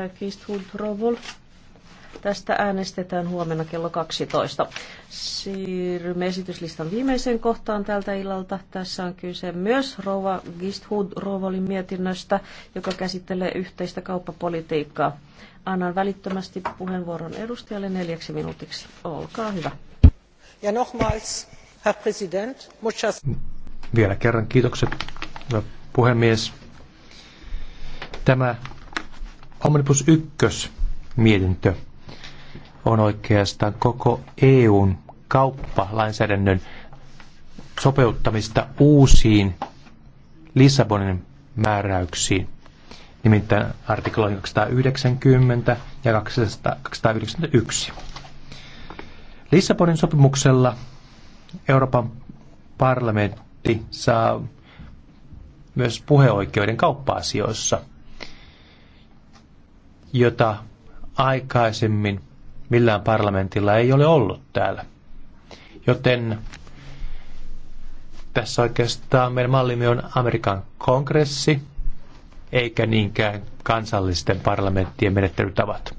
edustaja Kistwood Rovol. Tästä äänestetään huomenna kello 12. Siirrymme esityslistan viimeiseen kohtaan tältä illalta. Tässä on kyse myös Rova Gisthud Rovolin mietinnöstä, joka käsittelee yhteistä kauppapolitiikkaa. Annan välittömästi puheenvuoron edustajalle neljäksi minuutiksi. Olkaa hyvä. Ja nochmals, herr president, muchas... Vielä kerran kiitokset, hyvä puhemies. Tämä Omnibus 1 mietintö on oikeastaan koko EUn kauppalainsäädännön sopeuttamista uusiin Lissabonin määräyksiin, nimittäin artikloihin 290 ja 291. Lissabonin sopimuksella Euroopan parlamentti saa myös puheoikeuden kauppa-asioissa – jota aikaisemmin millään parlamentilla ei ole ollut täällä. Joten tässä oikeastaan meidän mallimme on Amerikan kongressi, eikä niinkään kansallisten parlamenttien menettelytavat.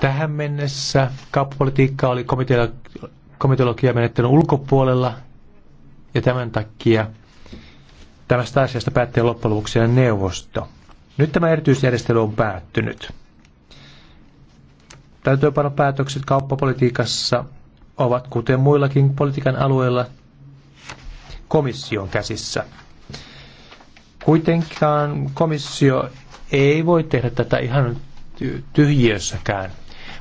Tähän mennessä kauppapolitiikka oli menettelyn ulkopuolella, ja tämän takia tämästä asiasta päätti loppujen lopuksi neuvosto. Nyt tämä erityisjärjestely on päättynyt. Täytäntöönpanon kauppapolitiikassa ovat, kuten muillakin politiikan alueilla, komission käsissä. Kuitenkaan komissio ei voi tehdä tätä ihan tyhjiössäkään.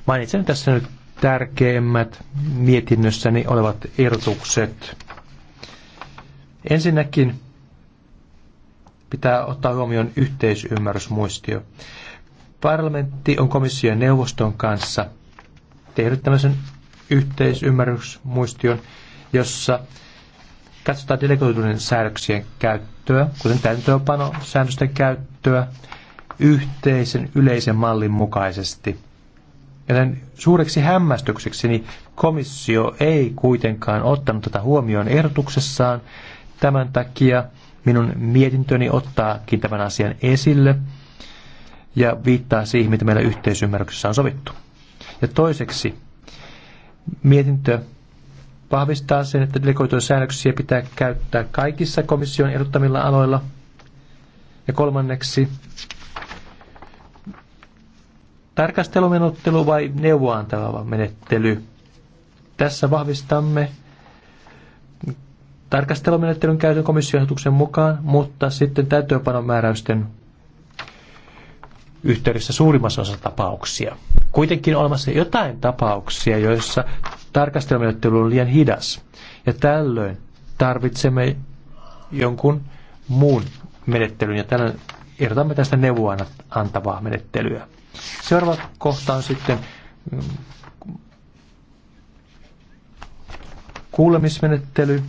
Mainitsen tässä nyt tärkeimmät mietinnössäni olevat ehdotukset. Ensinnäkin pitää ottaa huomioon yhteisymmärrysmuistio. Parlamentti on komission neuvoston kanssa tehnyt tämmöisen yhteisymmärrysmuistion, jossa katsotaan delegoituneiden säädöksien käyttöä, kuten säännösten käyttöä, yhteisen yleisen mallin mukaisesti. Joten suureksi niin komissio ei kuitenkaan ottanut tätä huomioon ehdotuksessaan tämän takia, Minun mietintöni ottaakin tämän asian esille ja viittaa siihen, mitä meillä yhteisymmärryksessä on sovittu. Ja toiseksi mietintö vahvistaa sen, että delegoituja säännöksiä pitää käyttää kaikissa komission ehdottamilla aloilla. Ja kolmanneksi tarkastelumenettely vai neuvoantava menettely. Tässä vahvistamme tarkastelumenettelyn käytön komissiohjelmuksen mukaan, mutta sitten täytäntöönpanomääräysten yhteydessä suurimmassa osassa tapauksia. Kuitenkin on olemassa jotain tapauksia, joissa tarkastelumenettely on liian hidas, ja tällöin tarvitsemme jonkun muun menettelyn, ja tällöin erotamme tästä neuvoa antavaa menettelyä. Seuraava kohta on sitten mm, kuulemismenettely.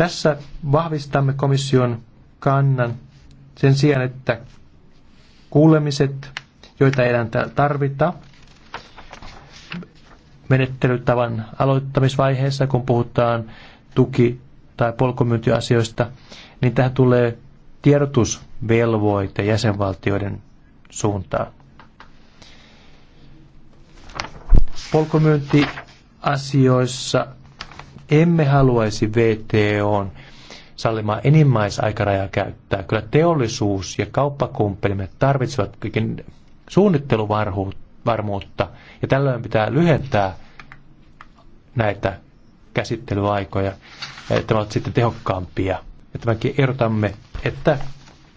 Tässä vahvistamme komission kannan sen sijaan, että kuulemiset, joita ei enää tarvita, menettelytavan aloittamisvaiheessa, kun puhutaan tuki- tai polkumyyntiasioista, niin tähän tulee tiedotusvelvoite jäsenvaltioiden suuntaan. Polkumyyntiasioissa emme haluaisi VTOn sallimaa enimmäisaikarajaa käyttää. Kyllä teollisuus ja kauppakumppelimme tarvitsevat suunnitteluvarmuutta, ja tällöin pitää lyhentää näitä käsittelyaikoja, että ovat sitten tehokkaampia. Että mekin erotamme, että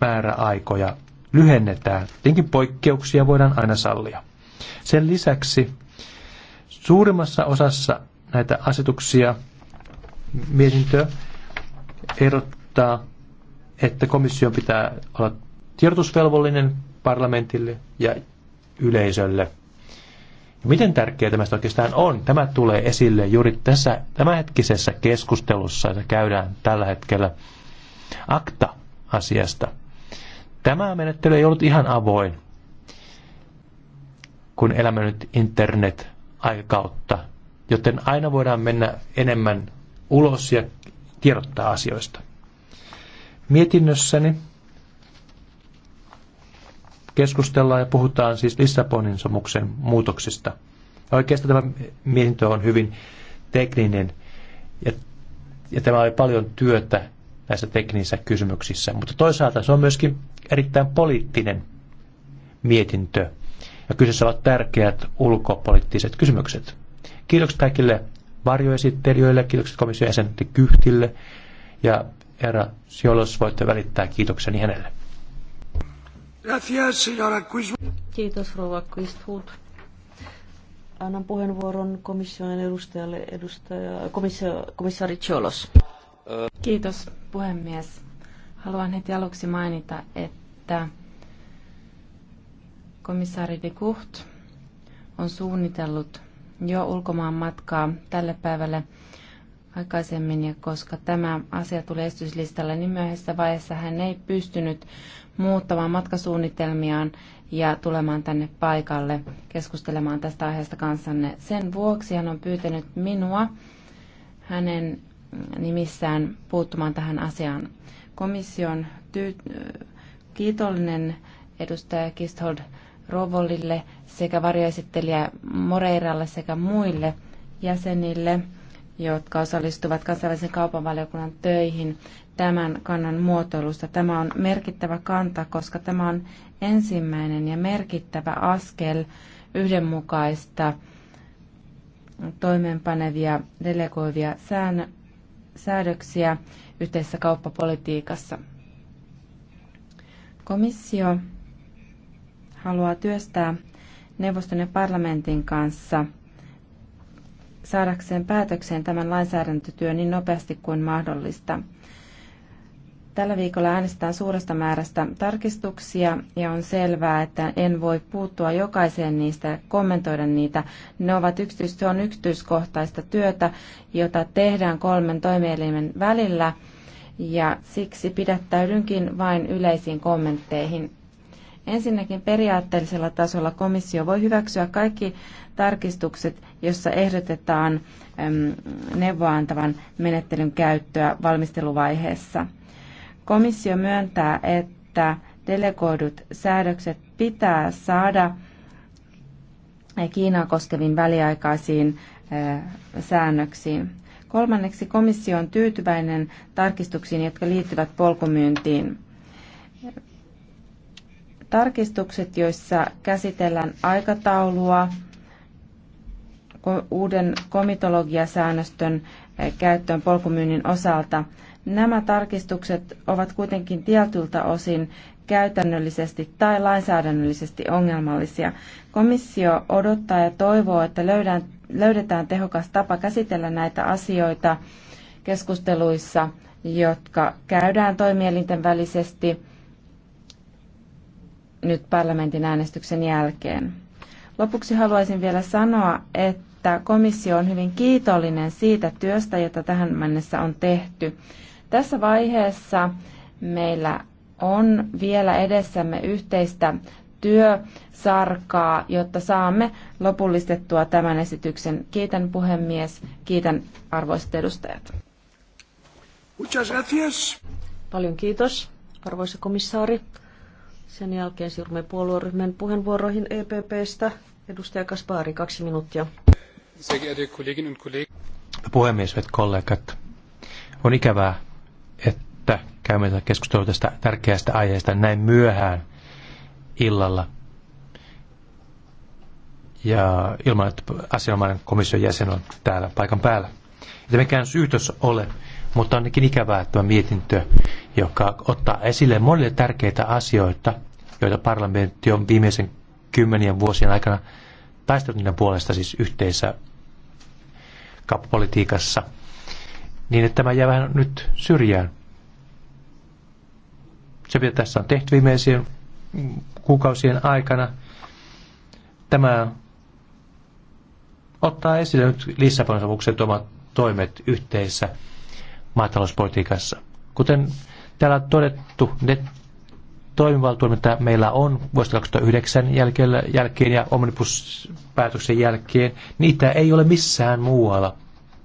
määräaikoja lyhennetään. Tietenkin poikkeuksia voidaan aina sallia. Sen lisäksi suurimmassa osassa näitä asetuksia mietintö ehdottaa, että komission pitää olla tiedotusvelvollinen parlamentille ja yleisölle. Miten tärkeää tämä oikeastaan on? Tämä tulee esille juuri tässä tämänhetkisessä keskustelussa, jota käydään tällä hetkellä akta-asiasta. Tämä menettely ei ollut ihan avoin, kun elämme nyt internet-aikakautta, joten aina voidaan mennä enemmän ulos ja tiedottaa asioista. Mietinnössäni keskustellaan ja puhutaan siis Lissabonin sopimuksen muutoksista. Oikeastaan tämä mietintö on hyvin tekninen ja, ja tämä oli paljon työtä näissä teknisissä kysymyksissä, mutta toisaalta se on myöskin erittäin poliittinen mietintö ja kyseessä ovat tärkeät ulkopoliittiset kysymykset. Kiitokset kaikille varjoesittelijöille, kiitokset komission jäsenille Kyhtille ja herra Siolos, voitte välittää kiitokseni hänelle. Kiitos, rouva Quisthut. Annan puheenvuoron komission edustajalle, edustaja, komissio, komissaari Cholos. Kiitos, puhemies. Haluan heti aluksi mainita, että komissaari de Gucht on suunnitellut jo ulkomaan matkaa tälle päivälle aikaisemmin, ja koska tämä asia tulee estyslistalle, niin myöhässä vaiheessa hän ei pystynyt muuttamaan matkasuunnitelmiaan ja tulemaan tänne paikalle keskustelemaan tästä aiheesta kanssanne. Sen vuoksi hän on pyytänyt minua hänen nimissään puuttumaan tähän asiaan. Komission tyy- kiitollinen edustaja Kisthold Rovolille sekä varjoesittelijä Moreiralle sekä muille jäsenille, jotka osallistuvat kansainvälisen kaupanvaliokunnan töihin tämän kannan muotoilusta. Tämä on merkittävä kanta, koska tämä on ensimmäinen ja merkittävä askel yhdenmukaista toimeenpanevia delegoivia säädöksiä yhteisessä kauppapolitiikassa. Komissio haluaa työstää neuvoston ja parlamentin kanssa saadakseen päätökseen tämän lainsäädäntötyön niin nopeasti kuin mahdollista. Tällä viikolla äänestetään suuresta määrästä tarkistuksia ja on selvää, että en voi puuttua jokaiseen niistä ja kommentoida niitä. Ne ovat yksityis- se on yksityiskohtaista työtä, jota tehdään kolmen toimielimen välillä ja siksi pidättäydynkin vain yleisiin kommentteihin. Ensinnäkin periaatteellisella tasolla komissio voi hyväksyä kaikki tarkistukset, jossa ehdotetaan neuvoantavan menettelyn käyttöä valmisteluvaiheessa. Komissio myöntää, että delegoidut säädökset pitää saada Kiinaa koskeviin väliaikaisiin säännöksiin. Kolmanneksi komissio on tyytyväinen tarkistuksiin, jotka liittyvät polkumyyntiin. Tarkistukset, joissa käsitellään aikataulua, uuden komitologiasäännöstön eh, käyttöön polkumyynnin osalta. Nämä tarkistukset ovat kuitenkin tietyltä osin käytännöllisesti tai lainsäädännöllisesti ongelmallisia. Komissio odottaa ja toivoo, että löydään, löydetään tehokas tapa käsitellä näitä asioita keskusteluissa, jotka käydään toimielinten välisesti nyt parlamentin äänestyksen jälkeen. Lopuksi haluaisin vielä sanoa, että komissio on hyvin kiitollinen siitä työstä, jota tähän mennessä on tehty. Tässä vaiheessa meillä on vielä edessämme yhteistä työsarkaa, jotta saamme lopullistettua tämän esityksen. Kiitän puhemies, kiitän arvoisat edustajat. Paljon kiitos, arvoisa komissaari. Sen jälkeen siirrymme puolueryhmän puheenvuoroihin EPPstä. Edustaja Kaspaari, kaksi minuuttia. Puhemies, hyvät kollegat. On ikävää, että käymme tätä keskustelua tästä tärkeästä aiheesta näin myöhään illalla. Ja ilman, että asianomainen komission jäsen on täällä paikan päällä. Ei mikään syytös ole, mutta ainakin ikävää tämä mietintö, joka ottaa esille monille tärkeitä asioita, joita parlamentti on viimeisen kymmenien vuosien aikana taistellut niiden puolesta siis yhteisä kauppapolitiikassa, niin että tämä jää vähän nyt syrjään. Se, mitä tässä on tehty viimeisien kuukausien aikana, tämä ottaa esille nyt Lissabon sopimuksen toimet yhteisessä maatalouspolitiikassa. Kuten täällä on todettu, ne toimivaltuudet, mitä meillä on vuodesta 2009 jälkeen, jälkeen ja omnibuspäätöksen jälkeen, niitä ei ole missään muualla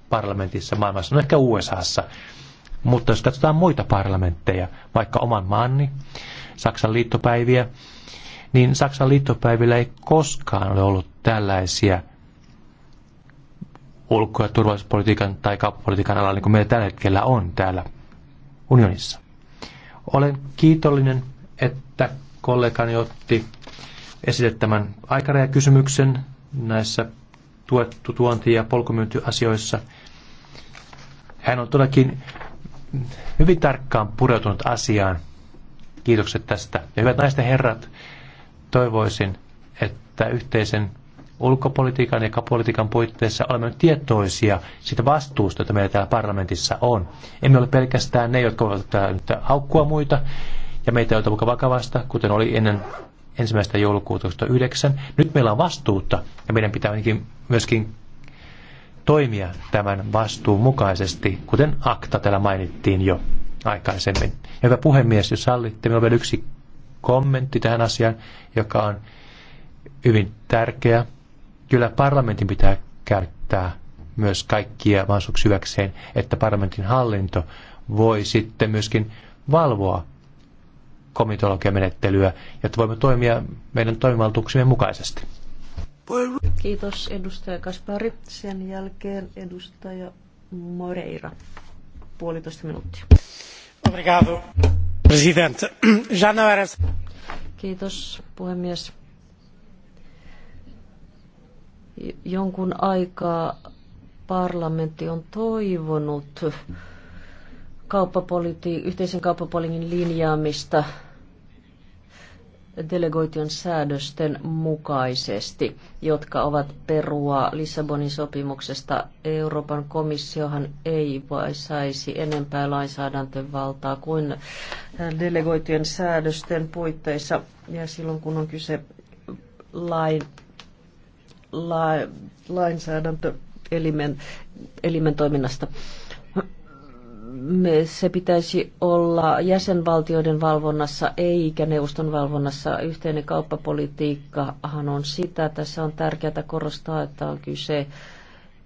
parlamentissa maailmassa, no ehkä USAssa. Mutta jos katsotaan muita parlamentteja, vaikka oman maanni, Saksan liittopäiviä, niin Saksan liittopäivillä ei koskaan ole ollut tällaisia ulko- ja turvallisuuspolitiikan tai kauppapolitiikan alalla, niin kuin meillä tällä hetkellä on täällä unionissa. Olen kiitollinen, että kollegani otti esille tämän aikarajakysymyksen näissä tuettu tuonti- ja polkumyyntiasioissa. Hän on todellakin hyvin tarkkaan pureutunut asiaan. Kiitokset tästä. Ja hyvät naisten herrat, toivoisin, että yhteisen ulkopolitiikan ja politiikan puitteissa olemme tietoisia siitä vastuusta, jota meillä täällä parlamentissa on. Emme ole pelkästään ne, jotka voivat nyt haukkua muita, ja meitä ei muka vakavasta, kuten oli ennen ensimmäistä joulukuuta 2009. Nyt meillä on vastuutta ja meidän pitää myöskin toimia tämän vastuun mukaisesti, kuten akta täällä mainittiin jo aikaisemmin. Ja hyvä puhemies, jos sallitte, minulla on vielä yksi kommentti tähän asiaan, joka on hyvin tärkeä kyllä parlamentin pitää käyttää myös kaikkia mahdollisuuksia hyväkseen, että parlamentin hallinto voi sitten myöskin valvoa komitologiamenettelyä, jotta voimme toimia meidän toimivaltuuksimme mukaisesti. Kiitos edustaja Kaspari. Sen jälkeen edustaja Moreira. Puolitoista minuuttia. Obrigado, presidente. Kiitos puhemies jonkun aikaa parlamentti on toivonut kauppapoliti- yhteisen kauppapolitiikan linjaamista delegoition säädösten mukaisesti, jotka ovat perua Lissabonin sopimuksesta. Euroopan komissiohan ei vai saisi enempää lainsäädäntövaltaa kuin delegoitujen säädösten puitteissa. Ja silloin kun on kyse lain la, lainsäädäntöelimen elimen toiminnasta. Me, se pitäisi olla jäsenvaltioiden valvonnassa eikä neuvoston valvonnassa. Yhteinen kauppapolitiikkahan on sitä. Tässä on tärkeää korostaa, että on kyse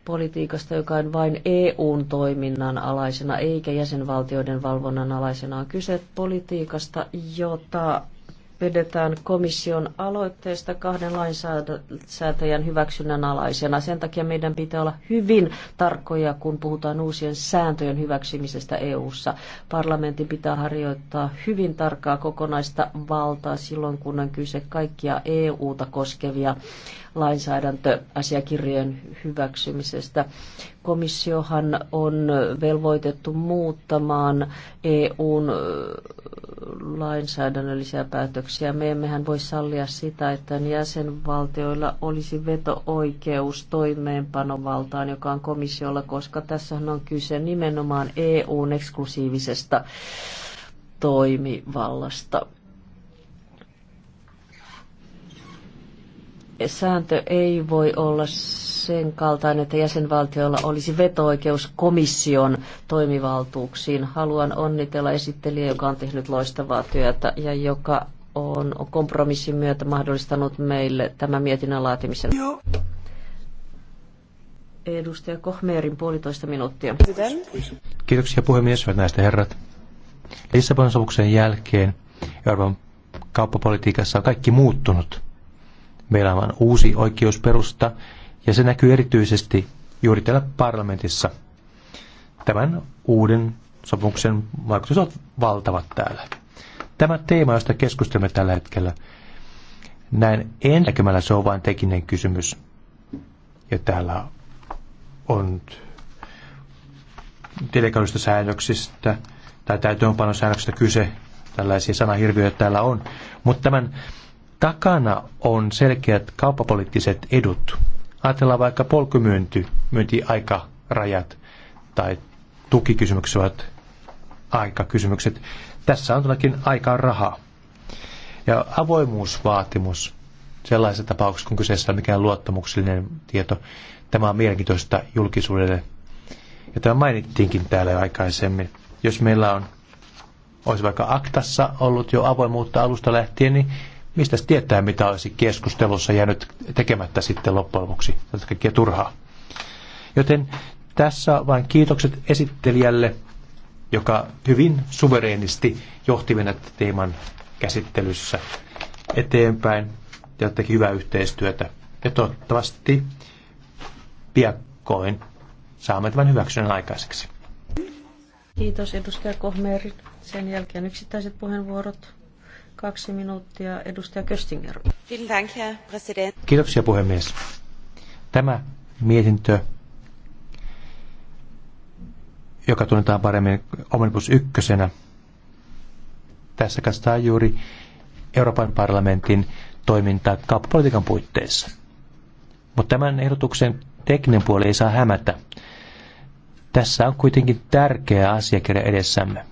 politiikasta, joka on vain EUn toiminnan alaisena eikä jäsenvaltioiden valvonnan alaisena. On kyse politiikasta, jota pidetään komission aloitteesta kahden lainsäätäjän hyväksynnän alaisena. Sen takia meidän pitää olla hyvin tarkkoja, kun puhutaan uusien sääntöjen hyväksymisestä EU:ssa. Parlamentin pitää harjoittaa hyvin tarkkaa kokonaista valtaa silloin, kun on kyse kaikkia EU-ta koskevia lainsäädäntöasiakirjojen hyväksymisestä. Komissiohan on velvoitettu muuttamaan EUn lainsäädännöllisiä päätöksiä. Me emmehän voi sallia sitä, että jäsenvaltioilla olisi veto-oikeus toimeenpanovaltaan, joka on komissiolla, koska tässä on kyse nimenomaan EUn eksklusiivisesta toimivallasta. sääntö ei voi olla sen kaltainen, että jäsenvaltioilla olisi veto-oikeus komission toimivaltuuksiin. Haluan onnitella esittelijä, joka on tehnyt loistavaa työtä ja joka on kompromissin myötä mahdollistanut meille tämän mietinnön laatimisen. Joo. Edustaja Kohmeerin puolitoista minuuttia. Kiitoksia puhemies, hyvät näistä herrat. Lissabonin sopuksen jälkeen Euroopan kauppapolitiikassa on kaikki muuttunut Meillä on uusi oikeusperusta ja se näkyy erityisesti juuri täällä parlamentissa. Tämän uuden sopimuksen vaikutus on valtavat täällä. Tämä teema, josta keskustelemme tällä hetkellä, näin ennäkemällä se on vain tekninen kysymys. Ja täällä on delegoidusta säännöksistä tai täytöönpanosäännöksistä kyse, tällaisia sanahirviöitä täällä on. Mutta tämän takana on selkeät kauppapoliittiset edut. Ajatellaan vaikka polkumyynti, myyntiaikarajat tai tukikysymykset ovat aikakysymykset. Tässä on todellakin aikaan rahaa. Ja avoimuusvaatimus sellaisessa tapauksessa, kun kyseessä on mikään luottamuksellinen tieto, tämä on mielenkiintoista julkisuudelle. Ja tämä mainittiinkin täällä jo aikaisemmin. Jos meillä on, olisi vaikka aktassa ollut jo avoimuutta alusta lähtien, niin mistä tietää, mitä olisi keskustelussa jäänyt tekemättä sitten loppujen lopuksi. Tätä kaikkea turhaa. Joten tässä vain kiitokset esittelijälle, joka hyvin suvereenisti johti mennä teeman käsittelyssä eteenpäin ja teki hyvää yhteistyötä. Ja toivottavasti piakkoin saamme tämän hyväksynnän aikaiseksi. Kiitos edustaja Kohmeeri. Sen jälkeen yksittäiset puheenvuorot. Kaksi minuuttia, edustaja Köstinger. Kiitoksia puhemies. Tämä mietintö, joka tunnetaan paremmin Omnibus ykkösenä, tässä katsotaan juuri Euroopan parlamentin toimintaa kauppapolitiikan puitteissa. Mutta tämän ehdotuksen tekninen puoli ei saa hämätä. Tässä on kuitenkin tärkeä asiakirja edessämme.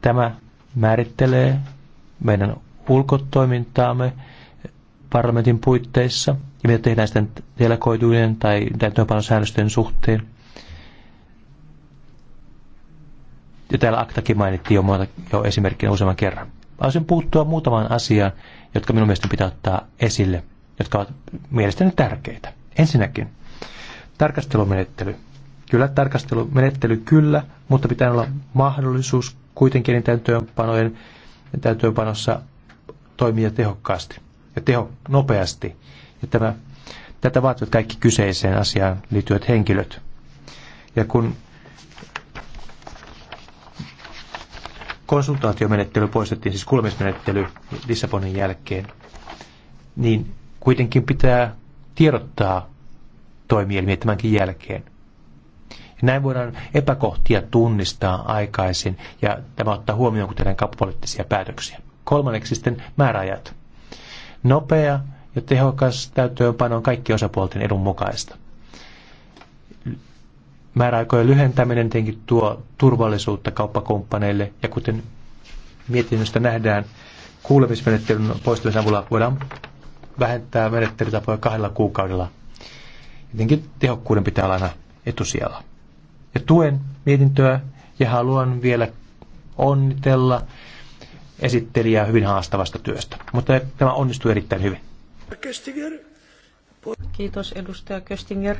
Tämä määrittelee meidän ulkotoimintaamme parlamentin puitteissa ja mitä tehdään sitten delegoidujen tai säännösten suhteen. Ja täällä aktakin mainittiin jo, muuta, jo esimerkkinä useamman kerran. Haluaisin puuttua muutamaan asiaan, jotka minun mielestäni pitää ottaa esille, jotka ovat mielestäni tärkeitä. Ensinnäkin, tarkastelumenettely. Kyllä, tarkastelumenettely kyllä, mutta pitää olla mahdollisuus kuitenkin täytäntöönpanojen niin täytöönpanossa toimia tehokkaasti ja teho, nopeasti. Ja tämä, tätä vaativat kaikki kyseiseen asiaan liittyvät henkilöt. Ja kun konsultaatiomenettely poistettiin, siis kuulemismenettely Lissabonin jälkeen, niin kuitenkin pitää tiedottaa toimielimiä tämänkin jälkeen – näin voidaan epäkohtia tunnistaa aikaisin ja tämä ottaa huomioon, kun tehdään kauppapoliittisia päätöksiä. Kolmanneksi sitten määräajat. Nopea ja tehokas täytöönpano on kaikki osapuolten edun mukaista. Määräaikojen lyhentäminen tietenkin tuo turvallisuutta kauppakumppaneille ja kuten mietinnöstä nähdään, kuulemismenettelyn poistumisen avulla voidaan vähentää menettelytapoja kahdella kuukaudella. Jotenkin tehokkuuden pitää olla aina etusijalla ja tuen mietintöä ja haluan vielä onnitella esittelijää hyvin haastavasta työstä. Mutta tämä onnistui erittäin hyvin. Kiitos edustaja Köstinger.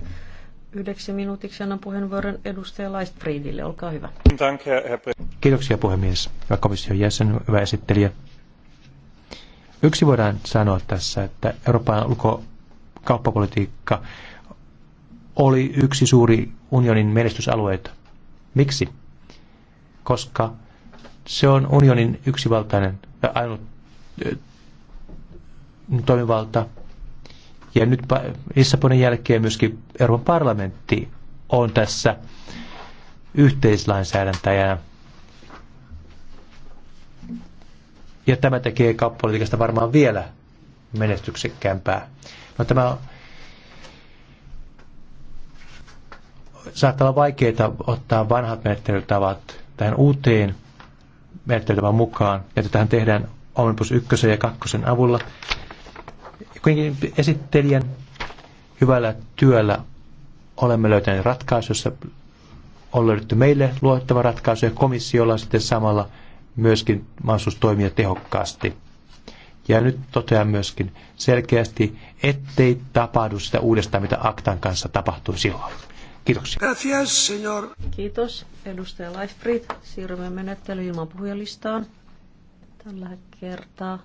Yhdeksi minuutiksi annan puheenvuoron edustaja Leistfriedille. Olkaa hyvä. Kiitoksia puhemies. Hyvä komission jäsen, hyvä esittelijä. Yksi voidaan sanoa tässä, että Euroopan ulkokauppapolitiikka oli yksi suuri unionin menestysalueita. Miksi? Koska se on unionin yksivaltainen ja ainut toimivalta. Ja nyt Lissabonin jälkeen myöskin Euroopan parlamentti on tässä yhteislainsäädäntäjänä. Ja tämä tekee kauppapolitiikasta varmaan vielä menestyksekkäämpää. No, tämä saattaa olla vaikeaa ottaa vanhat menettelytavat tähän uuteen menettelytavan mukaan, ja tähän tehdään Omnibus 1 ja 2 avulla. Kuitenkin esittelijän hyvällä työllä olemme löytäneet ratkaisu, jossa on löydetty meille luottava ratkaisu ja komissiolla on sitten samalla myöskin mahdollisuus toimia tehokkaasti. Ja nyt totean myöskin selkeästi, ettei tapahdu sitä uudestaan, mitä Aktan kanssa tapahtui silloin. Kiitoksia. Gracias, señor. Kiitos, edustaja Leifrid. Siirrymme menettely ilman puhujalistaan. Tällä kertaa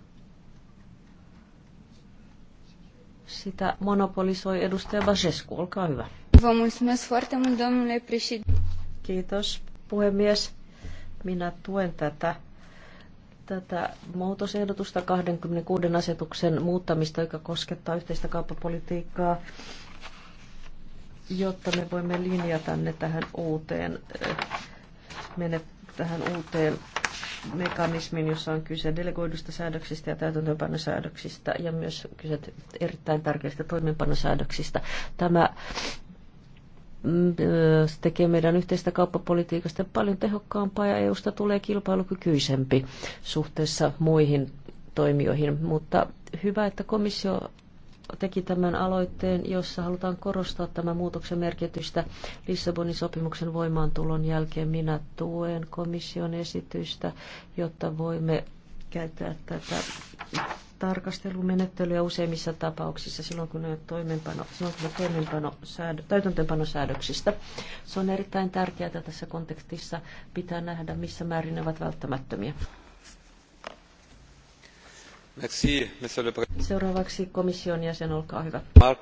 sitä monopolisoi edustaja Basescu. Olkaa hyvä. Kiitos, puhemies. Minä tuen tätä tätä muutosehdotusta 26 asetuksen muuttamista, joka koskettaa yhteistä kauppapolitiikkaa jotta me voimme linjata ne tähän uuteen, eh, mene tähän uuteen mekanismiin, jossa on kyse delegoidusta säädöksistä ja täytäntöönpanosäädöksistä ja myös kyse erittäin tärkeistä toimeenpanosäädöksistä. Tämä mm, eh, se tekee meidän yhteistä kauppapolitiikasta paljon tehokkaampaa ja EUsta tulee kilpailukykyisempi suhteessa muihin toimijoihin, mutta hyvä, että komissio teki tämän aloitteen, jossa halutaan korostaa tämän muutoksen merkitystä Lissabonin sopimuksen voimaantulon jälkeen. Minä tuen komission esitystä, jotta voimme käyttää tätä tarkastelumenettelyä useimmissa tapauksissa silloin, kun ne toimenpano, silloin, kun toimenpano säädö, täytäntöönpanosäädöksistä. Se on erittäin tärkeää tässä kontekstissa. Pitää nähdä, missä määrin ne ovat välttämättömiä. Seuraavaksi komission jäsen, olkaa hyvä. Euh,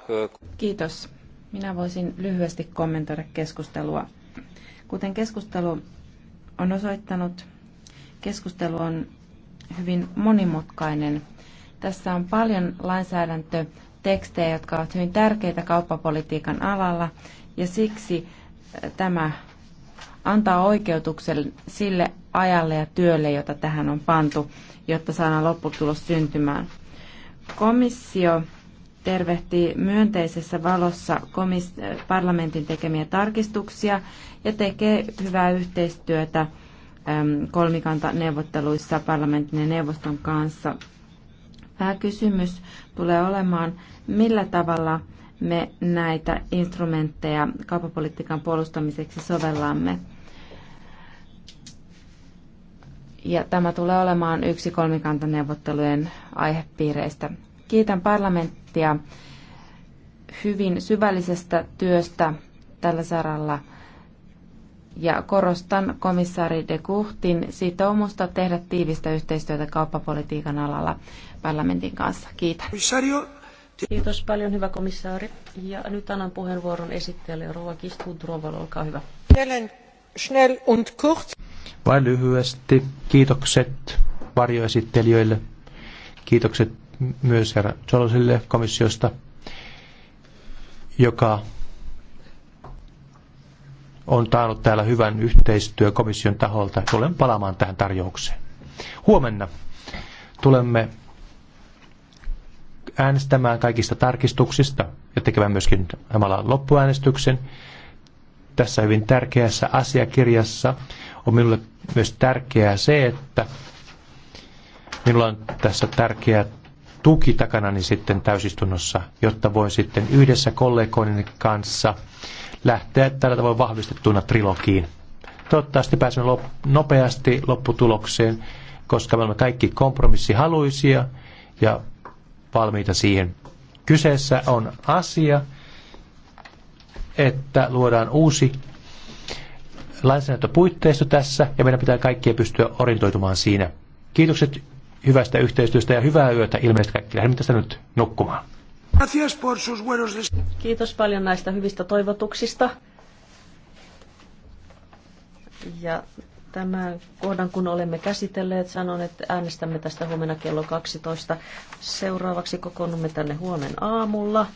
Kiitos. Minä voisin lyhyesti kommentoida keskustelua. Kuten keskustelu on osoittanut, keskustelu on hyvin monimutkainen. Tässä on paljon lainsäädäntötekstejä, jotka ovat hyvin tärkeitä kauppapolitiikan alalla, ja siksi äh, tämä antaa oikeutuksen sille ajalle ja työlle, jota tähän on pantu, jotta saadaan lopputulos syntymään. Komissio tervehti myönteisessä valossa parlamentin tekemiä tarkistuksia ja tekee hyvää yhteistyötä kolmikantaneuvotteluissa parlamentin ja neuvoston kanssa. Pääkysymys tulee olemaan, millä tavalla me näitä instrumentteja kaupapolitiikan puolustamiseksi sovellamme. ja tämä tulee olemaan yksi kolmikantaneuvottelujen aihepiireistä. Kiitän parlamenttia hyvin syvällisestä työstä tällä saralla ja korostan komissaari de Guhtin sitoumusta tehdä tiivistä yhteistyötä kauppapolitiikan alalla parlamentin kanssa. Kiitän. Kiitos paljon, hyvä komissaari. Ja nyt annan puheenvuoron esittäjälle Rova Kistudrovalle, olkaa hyvä. Schnell und kurz. Vain lyhyesti kiitokset varjoesittelijöille. Kiitokset myös herra Jolosille komissiosta, joka on taannut täällä hyvän yhteistyö komission taholta. Tulen palaamaan tähän tarjoukseen. Huomenna tulemme äänestämään kaikista tarkistuksista ja tekemään myöskin samalla loppuäänestyksen tässä hyvin tärkeässä asiakirjassa, on minulle myös tärkeää se, että minulla on tässä tärkeä tuki takanani sitten täysistunnossa, jotta voin sitten yhdessä kollegoiden kanssa lähteä tällä tavoin vahvistettuna trilogiin. Toivottavasti pääsemme lop- nopeasti lopputulokseen, koska me olemme kaikki kompromissihaluisia ja valmiita siihen. Kyseessä on asia, että luodaan uusi lainsäädäntöpuitteisto tässä ja meidän pitää kaikkien pystyä orientoitumaan siinä. Kiitokset hyvästä yhteistyöstä ja hyvää yötä ilmeisesti kaikki. Lähdemme tästä nyt nukkumaan. Kiitos paljon näistä hyvistä toivotuksista. Ja tämän kohdan, kun olemme käsitelleet, sanon, että äänestämme tästä huomenna kello 12. Seuraavaksi kokoonnumme tänne huomen aamulla.